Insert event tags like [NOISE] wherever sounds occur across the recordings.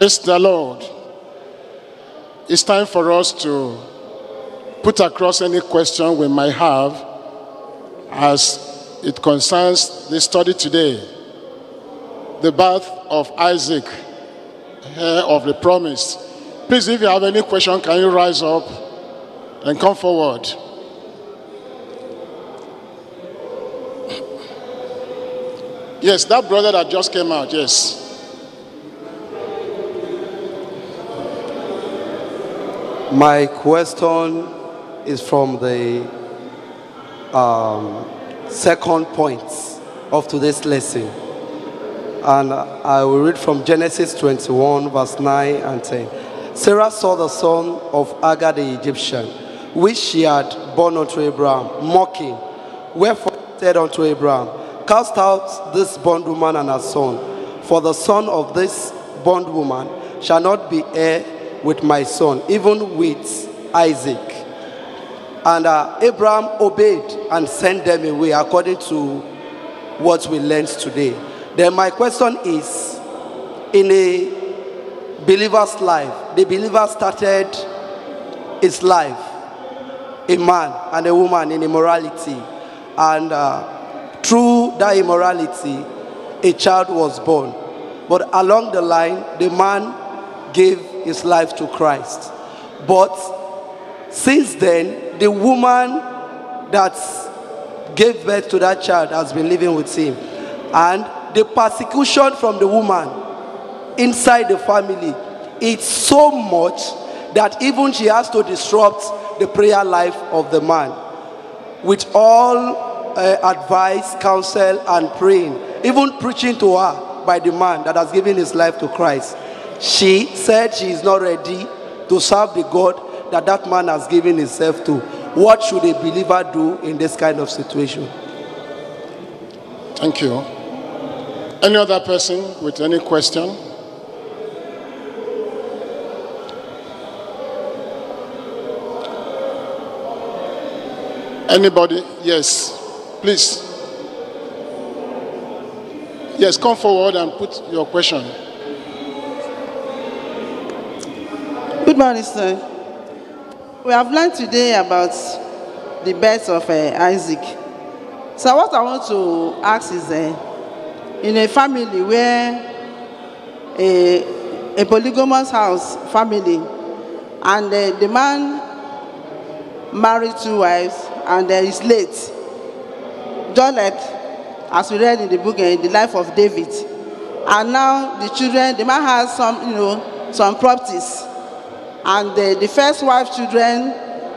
Praise the Lord. It's time for us to put across any question we might have as it concerns the study today the birth of Isaac, heir of the promise. Please, if you have any question, can you rise up and come forward? Yes, that brother that just came out, yes. My question is from the um, second point of today's lesson. And I will read from Genesis 21, verse 9 and 10. Sarah saw the son of Agar the Egyptian, which she had born unto Abraham, mocking. Wherefore said unto Abraham, Cast out this bondwoman and her son, for the son of this bondwoman shall not be heir with my son, even with Isaac. And uh, Abraham obeyed and sent them away according to what we learned today. Then, my question is in a believer's life, the believer started his life, a man and a woman in immorality. And uh, through that immorality, a child was born. But along the line, the man gave his life to Christ. But since then, the woman that gave birth to that child has been living with him. And the persecution from the woman inside the family it's so much that even she has to disrupt the prayer life of the man with all uh, advice, counsel, and praying, even preaching to her by the man that has given his life to Christ. She said she is not ready to serve the God that that man has given himself to. What should a believer do in this kind of situation? Thank you. Any other person with any question? Anybody? Yes, please. Yes, come forward and put your question. Barrister, we have learned today about the birth of uh, Isaac. So what I want to ask is, uh, in a family where a, a polygamous house family, and uh, the man married two wives and uh, is late, just like as we read in the book, in uh, the life of David, and now the children, the man has some, you know, some properties and the, the first wife's children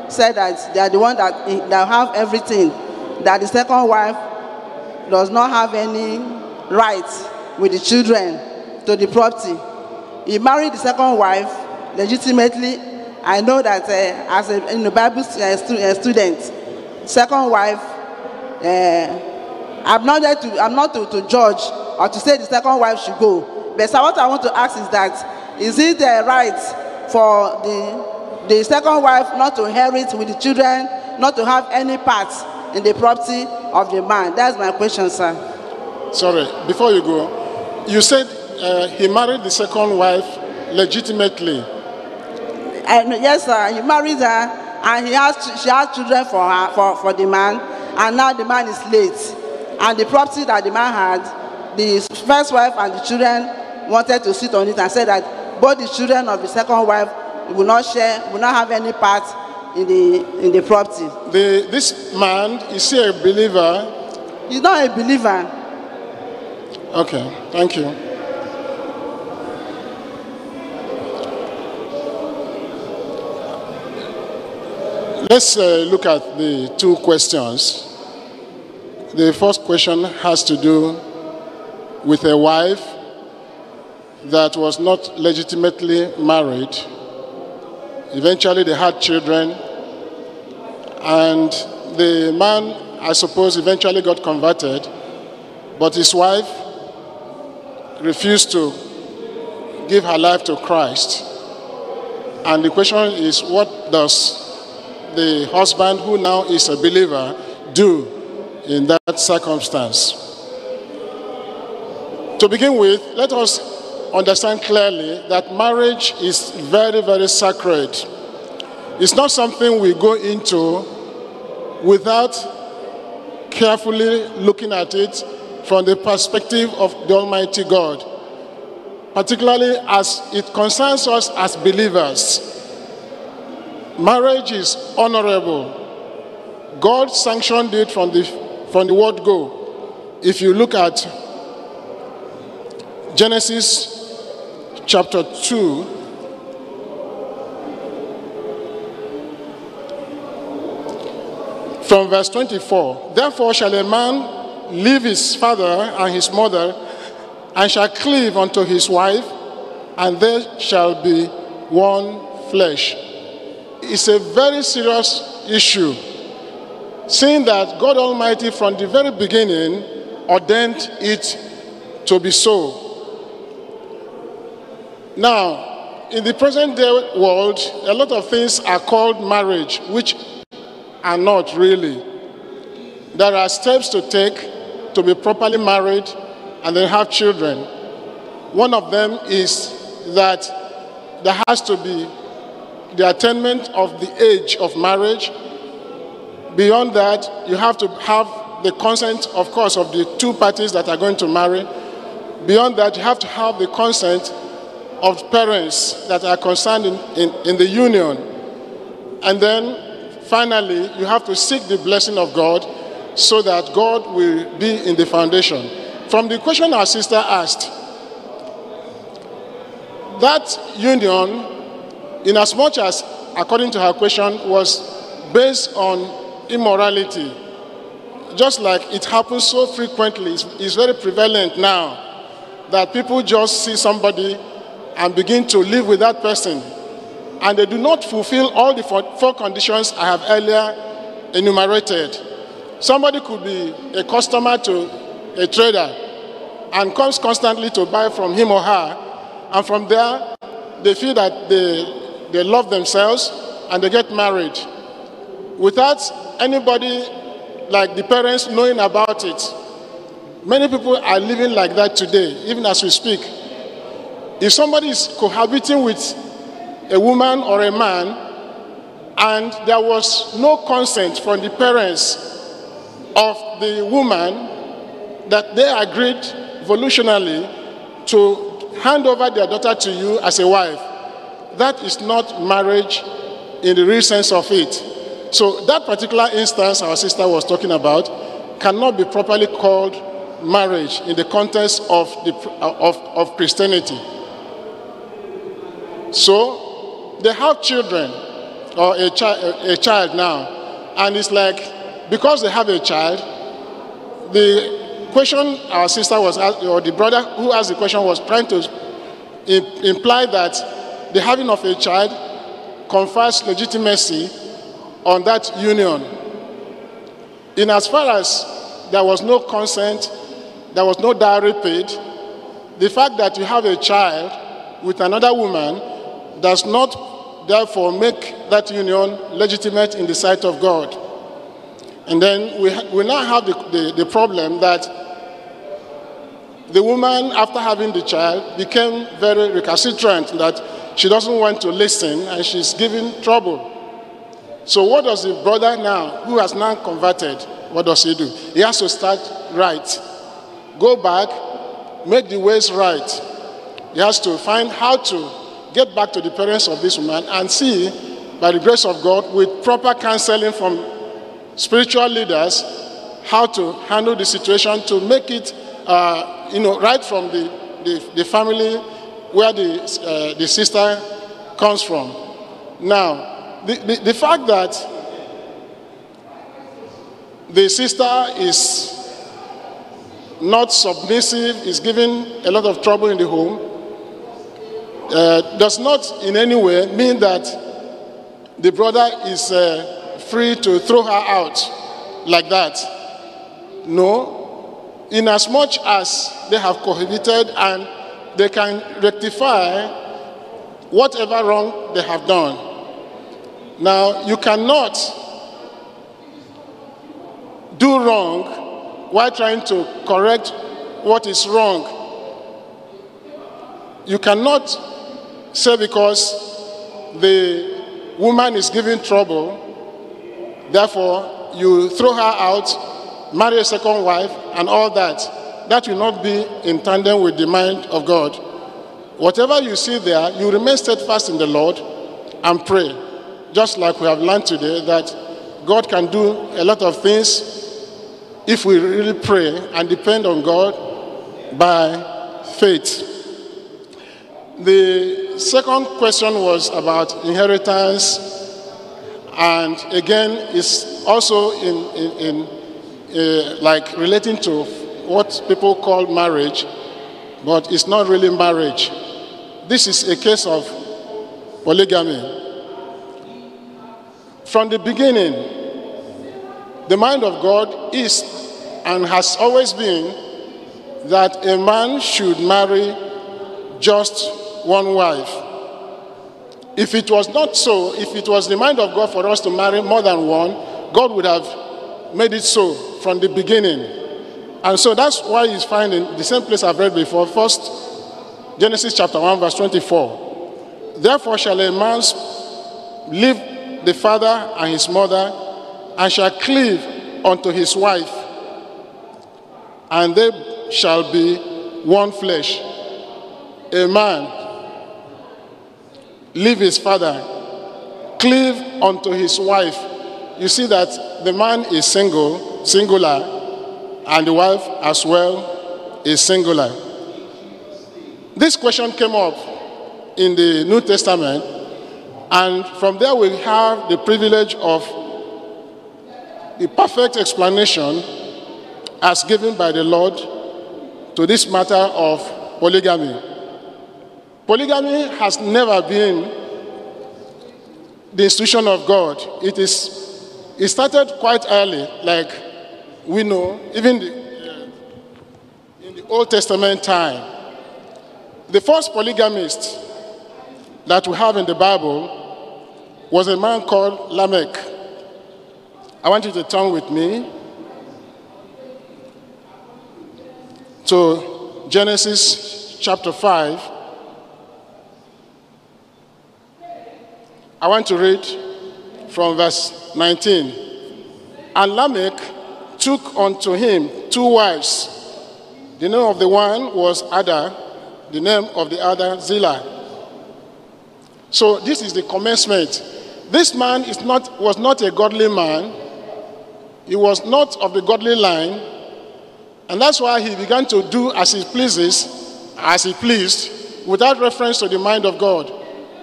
said that they are the ones that, that have everything, that the second wife does not have any rights with the children to the property. He married the second wife legitimately. I know that uh, as a in the Bible uh, stu uh, student, second wife, uh, I'm not there to, I'm not to, to judge or to say the second wife should go. But so what I want to ask is that, is it the right for the, the second wife not to inherit with the children, not to have any part in the property of the man. That's my question, sir. Sorry, before you go, you said uh, he married the second wife legitimately. And uh, yes, sir, he married her, and he has she has children for her for, for the man, and now the man is late, and the property that the man had, the first wife and the children wanted to sit on it and said that both the children of the second wife will not share, will not have any part in the in the property. The, this man is he a believer? He's not a believer. Okay, thank you. Let's uh, look at the two questions. The first question has to do with a wife that was not legitimately married. Eventually, they had children, and the man, I suppose, eventually got converted, but his wife refused to give her life to Christ. And the question is what does the husband, who now is a believer, do in that circumstance? To begin with, let us understand clearly that marriage is very, very sacred. It's not something we go into without carefully looking at it from the perspective of the Almighty God, particularly as it concerns us as believers. Marriage is honorable. God sanctioned it from the, from the word go. If you look at Genesis chapter 2. From verse 24, therefore shall a man leave his father and his mother, and shall cleave unto his wife, and they shall be one flesh. It's a very serious issue, seeing that God Almighty, from the very beginning, ordained it to be so. Now, in the present day world, a lot of things are called marriage, which are not really. There are steps to take to be properly married and then have children. One of them is that there has to be the attainment of the age of marriage. Beyond that, you have to have the consent, of course, of the two parties that are going to marry. Beyond that, you have to have the consent of parents that are concerned in, in, in the union. And then finally, you have to seek the blessing of God so that God will be in the foundation. From the question our sister asked, that union, in as much as, according to her question, was based on immorality, just like it happens so frequently, it's, it's very prevalent now that people just see somebody and begin to live with that person, and they do not fulfill all the four, conditions I have earlier enumerated, somebody could be a customer to a trader and comes constantly to buy from him or her, and from there they feel that they, they love themselves and they get married without anybody like the parents knowing about it. Many people are living like that today, even as we speak. If somebody is cohabiting with a woman or a man and there was no consent from the parents of the woman that they agreed volitionally to hand over their daughter to you as a wife, that is not marriage in the real sense of it. So, that particular instance our sister was talking about cannot be properly called marriage in the context of, the, of, of Christianity. So they have children or a, chi- a child now. And it's like, because they have a child, the question our sister was asked, or the brother who asked the question was trying to imply that the having of a child confers legitimacy on that union. In as far as there was no consent, there was no dowry paid, the fact that you have a child with another woman does not therefore make that union legitimate in the sight of God. And then we, we now have the, the, the problem that the woman, after having the child, became very recalcitrant that she doesn't want to listen and she's giving trouble. So, what does the brother now, who has now converted, what does he do? He has to start right. Go back, make the ways right. He has to find how to get back to the parents of this woman and see, by the grace of God, with proper counseling from spiritual leaders, how to handle the situation to make it, uh, you know, right from the, the, the family where the, uh, the sister comes from. Now, the, the, the fact that the sister is not submissive, is giving a lot of trouble in the home, uh, does not in any way mean that the brother is uh, free to throw her out like that. No, inasmuch as they have cohabited and they can rectify whatever wrong they have done. Now, you cannot do wrong while trying to correct what is wrong. You cannot say because the woman is giving trouble, therefore you throw her out, marry a second wife, and all that. That will not be in tandem with the mind of God. Whatever you see there, you remain steadfast in the Lord and pray. Just like we have learned today, that God can do a lot of things if we really pray and depend on God by faith. The second question was about inheritance, and again, it's also in, in, in uh, like relating to what people call marriage, but it's not really marriage. This is a case of polygamy. From the beginning, the mind of God is and has always been that a man should marry just one wife. If it was not so, if it was the mind of God for us to marry more than one, God would have made it so from the beginning. And so that's why he's finding the same place I've read before, first Genesis chapter 1, verse 24. Therefore shall a man leave the father and his mother, and shall cleave unto his wife, and they shall be one flesh. A man leave his father, cleave unto his wife. You see that the man is single, singular, and the wife as well is singular. This question came up in the New Testament, and from there we have the privilege of the perfect explanation as given by the Lord to this matter of polygamy. Polygamy has never been the institution of God. It is. It started quite early, like we know, even the, uh, in the Old Testament time. The first polygamist that we have in the Bible was a man called Lamech. I want you to turn with me to Genesis chapter 5. I want to read from verse 19. And Lamech took unto him two wives. The name of the one was Ada, the name of the other Zillah. So this is the commencement. This man is not, was not a godly man. He was not of the godly line. And that's why he began to do as he pleases, as he pleased, without reference to the mind of God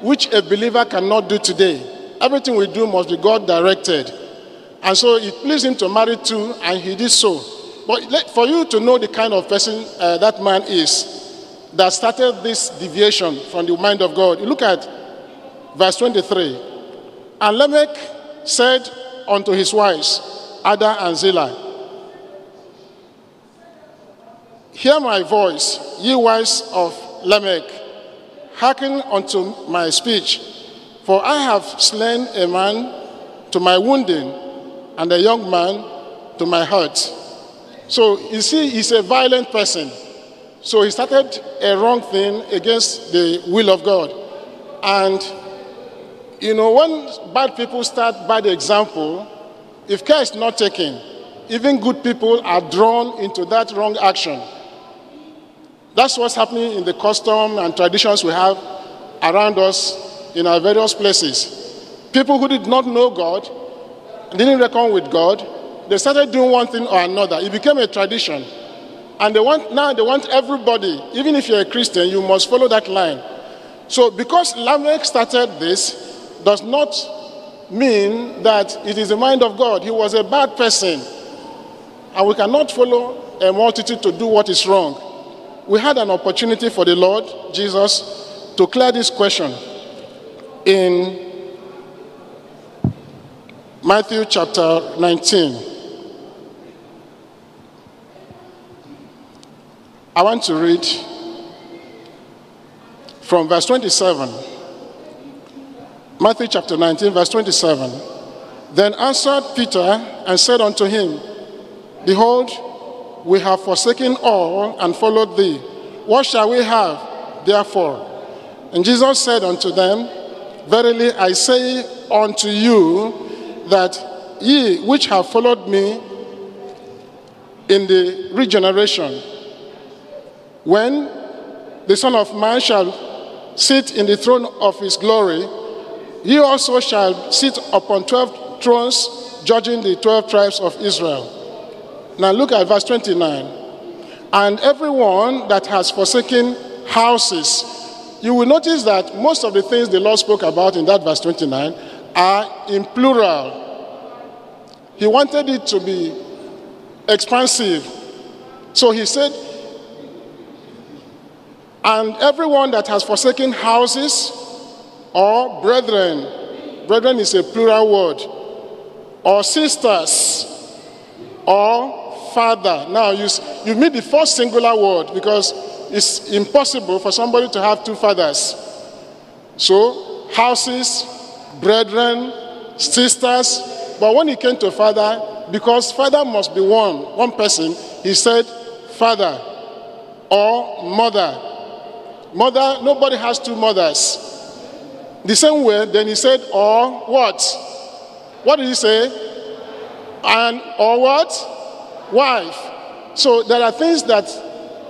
which a believer cannot do today. Everything we do must be God directed. And so it pleased him to marry two, and he did so. But for you to know the kind of person uh, that man is that started this deviation from the mind of God, you look at verse 23. And Lamech said unto his wives, Ada and Zillah, Hear my voice, ye wives of Lamech, Hearken unto my speech, for I have slain a man to my wounding, and a young man to my hurt. So you see, he's a violent person. So he started a wrong thing against the will of God. And you know, when bad people start bad example, if care is not taken, even good people are drawn into that wrong action. That's what's happening in the custom and traditions we have around us in our various places. People who did not know God, didn't reckon with God, they started doing one thing or another. It became a tradition. And they want now they want everybody, even if you're a Christian, you must follow that line. So because Lamech started this, does not mean that it is the mind of God. He was a bad person. And we cannot follow a multitude to do what is wrong. We had an opportunity for the Lord Jesus to clear this question in Matthew chapter 19. I want to read from verse 27. Matthew chapter 19, verse 27. Then answered Peter and said unto him, Behold, we have forsaken all and followed thee. What shall we have, therefore? And Jesus said unto them, Verily I say unto you that ye which have followed me in the regeneration, when the Son of Man shall sit in the throne of his glory, ye also shall sit upon twelve thrones, judging the twelve tribes of Israel. Now look at verse 29. And everyone that has forsaken houses, you will notice that most of the things the Lord spoke about in that verse 29 are in plural. He wanted it to be expansive. So he said, and everyone that has forsaken houses or brethren, brethren is a plural word, or sisters or Father. Now, you, you meet the first singular word because it's impossible for somebody to have two fathers. So, houses, brethren, sisters. But when he came to Father, because Father must be one, one person, he said, Father or Mother. Mother, nobody has two mothers. The same way, then he said, or what? What did he say? And or what? wife. So there are things that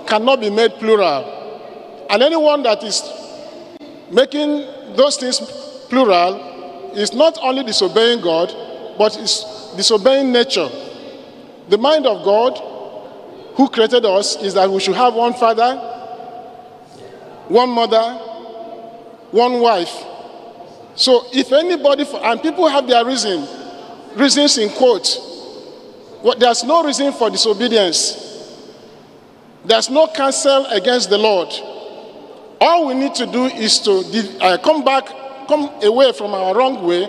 cannot be made plural. And anyone that is making those things plural is not only disobeying God, but is disobeying nature. The mind of God, who created us, is that we should have one father, one mother, one wife. So if anybody, and people have their reason, reasons in quotes, well, there's no reason for disobedience. There's no counsel against the Lord. All we need to do is to uh, come back, come away from our wrong way,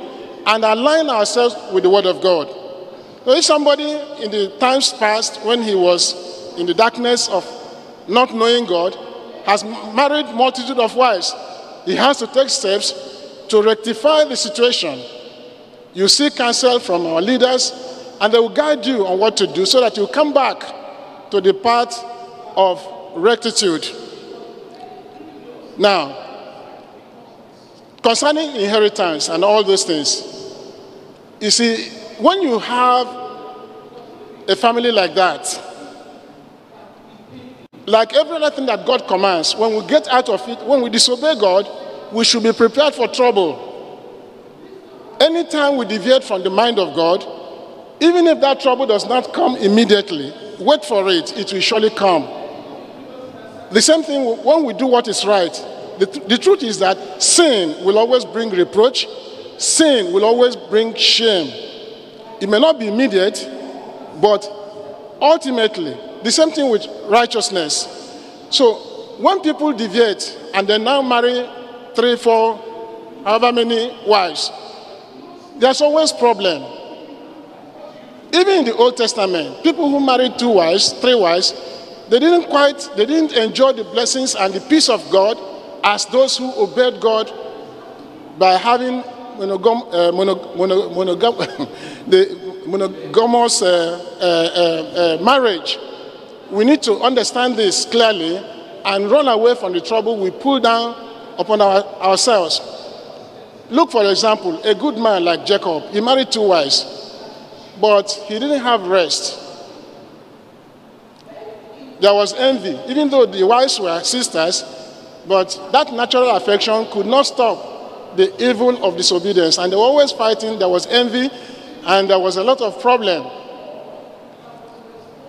and align ourselves with the Word of God. So if somebody in the times past, when he was in the darkness of not knowing God, has married multitude of wives, he has to take steps to rectify the situation. You see counsel from our leaders, and they will guide you on what to do so that you come back to the path of rectitude. Now, concerning inheritance and all those things, you see, when you have a family like that, like every other thing that God commands, when we get out of it, when we disobey God, we should be prepared for trouble. Anytime we deviate from the mind of God, even if that trouble does not come immediately, wait for it, it will surely come. The same thing when we do what is right. The, th- the truth is that sin will always bring reproach, sin will always bring shame. It may not be immediate, but ultimately, the same thing with righteousness. So when people deviate and they now marry three, four, however many wives, there's always problem. Even in the Old Testament, people who married two wives, three wives, they didn't quite, they didn't enjoy the blessings and the peace of God as those who obeyed God by having monogam, uh, monogam, [LAUGHS] the monogamous uh uh, uh, uh, marriage. We need to understand this clearly and run away from the trouble we pull down upon our, ourselves. Look, for example, a good man like Jacob, he married two wives but he didn't have rest. There was envy, even though the wives were sisters, but that natural affection could not stop the evil of disobedience. And they were always fighting, there was envy, and there was a lot of problem.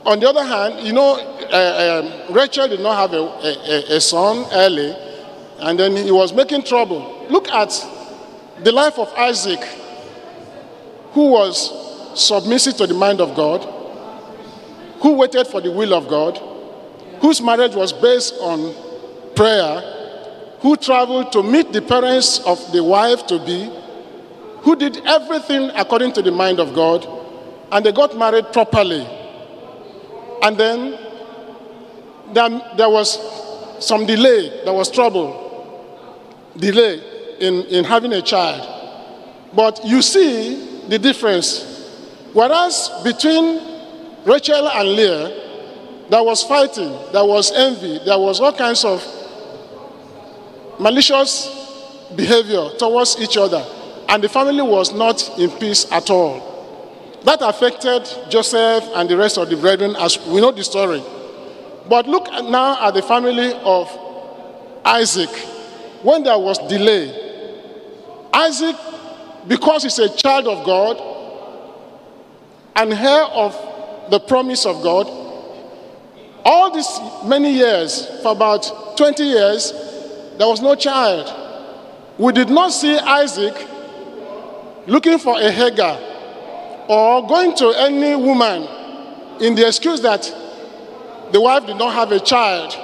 On the other hand, you know, uh, um, Rachel did not have a, a, a son early, and then he was making trouble. Look at the life of Isaac, who was submissive to the mind of God, who waited for the will of God, whose marriage was based on prayer, who traveled to meet the parents of the wife to be, who did everything according to the mind of God, and they got married properly. And then there, there was some delay, there was trouble, delay in, in having a child. But you see the difference Whereas between Rachel and Leah, there was fighting, there was envy, there was all kinds of malicious behavior towards each other, and the family was not in peace at all. That affected Joseph and the rest of the brethren, as we know the story. But look now at the family of Isaac. When there was delay, Isaac, because he's a child of God, and hear of the promise of God. All these many years, for about 20 years, there was no child. We did not see Isaac looking for a Hagar or going to any woman in the excuse that the wife did not have a child.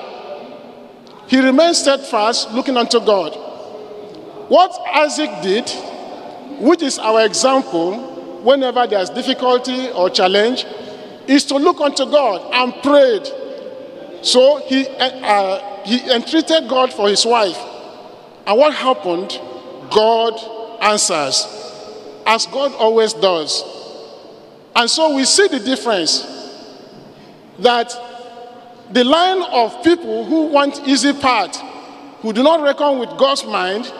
He remained steadfast, looking unto God. What Isaac did, which is our example, whenever there's difficulty or challenge is to look unto God and prayed. So he, uh, uh, he entreated God for his wife. And what happened? God answers, as God always does. And so we see the difference that the line of people who want easy path, who do not reckon with God's mind,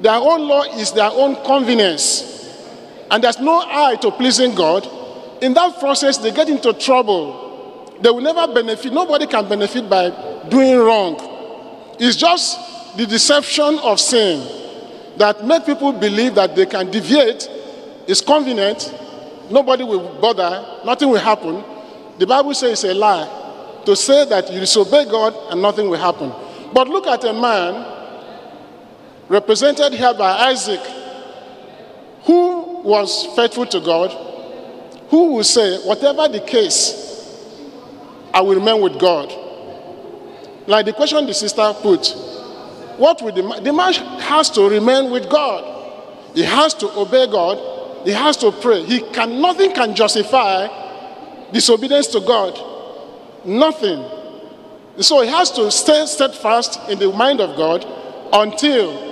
their own law is their own convenience and there's no eye to pleasing God, in that process they get into trouble. They will never benefit. Nobody can benefit by doing wrong. It's just the deception of sin that make people believe that they can deviate. It's convenient. Nobody will bother. Nothing will happen. The Bible says it's a lie to say that you disobey God and nothing will happen. But look at a man represented here by Isaac was faithful to God, who will say, whatever the case, I will remain with God? Like the question the sister put, what will the man? The man has to remain with God. He has to obey God. He has to pray. He can nothing can justify disobedience to God. Nothing. So he has to stay steadfast in the mind of God until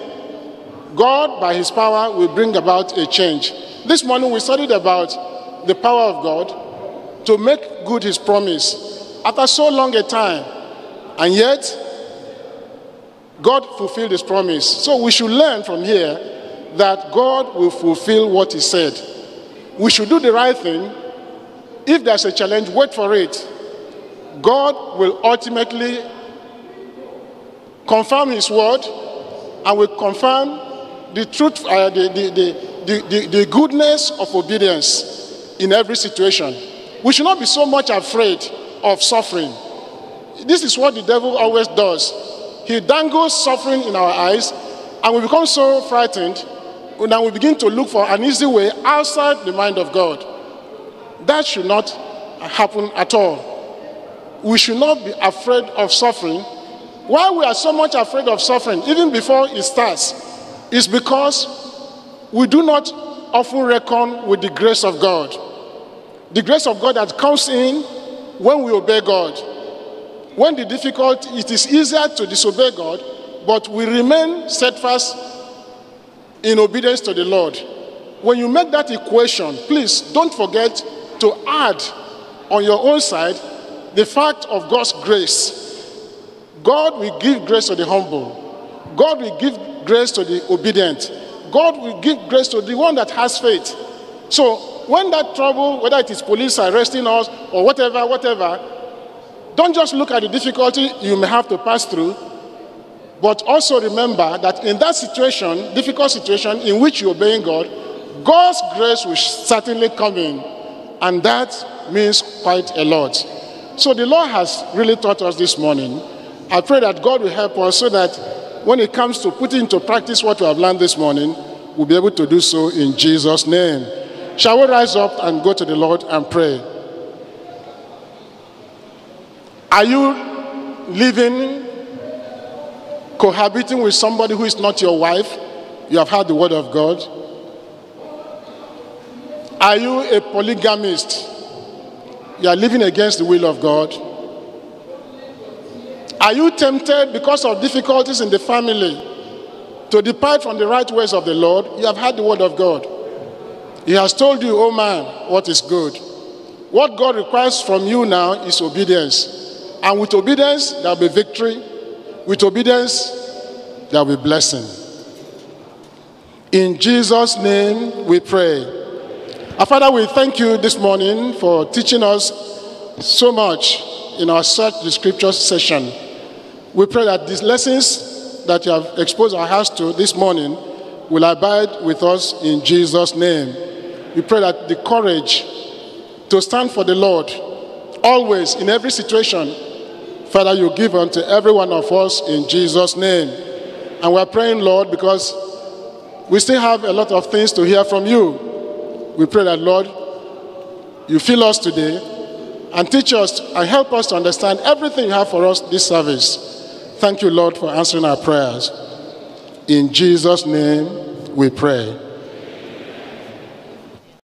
God, by his power, will bring about a change. This morning we studied about the power of God to make good his promise after so long a time. And yet, God fulfilled his promise. So we should learn from here that God will fulfill what he said. We should do the right thing. If there's a challenge, wait for it. God will ultimately confirm his word and will confirm the truth, uh, the, the, the, the, goodness of obedience in every situation. We should not be so much afraid of suffering. This is what the devil always does. He dangles suffering in our eyes, and we become so frightened and then we begin to look for an easy way outside the mind of God. That should not happen at all. We should not be afraid of suffering. Why we are so much afraid of suffering, even before it starts, is because we do not often reckon with the grace of God. The grace of God that comes in when we obey God. When the difficult, it is easier to disobey God, but we remain steadfast in obedience to the Lord. When you make that equation, please don't forget to add on your own side the fact of God's grace. God will give grace to the humble. God will give grace to the obedient. God will give grace to the one that has faith. So when that trouble, whether it is police arresting us or whatever, whatever, don't just look at the difficulty you may have to pass through, but also remember that in that situation, difficult situation in which you're obeying God, God's grace will certainly come in. And that means quite a lot. So the Lord has really taught us this morning. I pray that God will help us so that when it comes to putting into practice what we have learned this morning, we'll be able to do so in Jesus' name. Shall we rise up and go to the Lord and pray? Are you living, cohabiting with somebody who is not your wife? You have heard the word of God. Are you a polygamist? You are living against the will of God. Are you tempted because of difficulties in the family to depart from the right ways of the Lord? You have heard the word of God. He has told you, oh man, what is good. What God requires from you now is obedience. And with obedience, there will be victory. With obedience, there will be blessing. In Jesus' name we pray. Our Father, we thank you this morning for teaching us so much in our search the scriptures session. We pray that these lessons that you have exposed our hearts to this morning will abide with us in Jesus' name. We pray that the courage to stand for the Lord always in every situation, Father, you give unto every one of us in Jesus' name. And we're praying, Lord, because we still have a lot of things to hear from you. We pray that, Lord, you fill us today and teach us and help us to understand everything you have for us this service. Thank you, Lord, for answering our prayers. In Jesus' name we pray.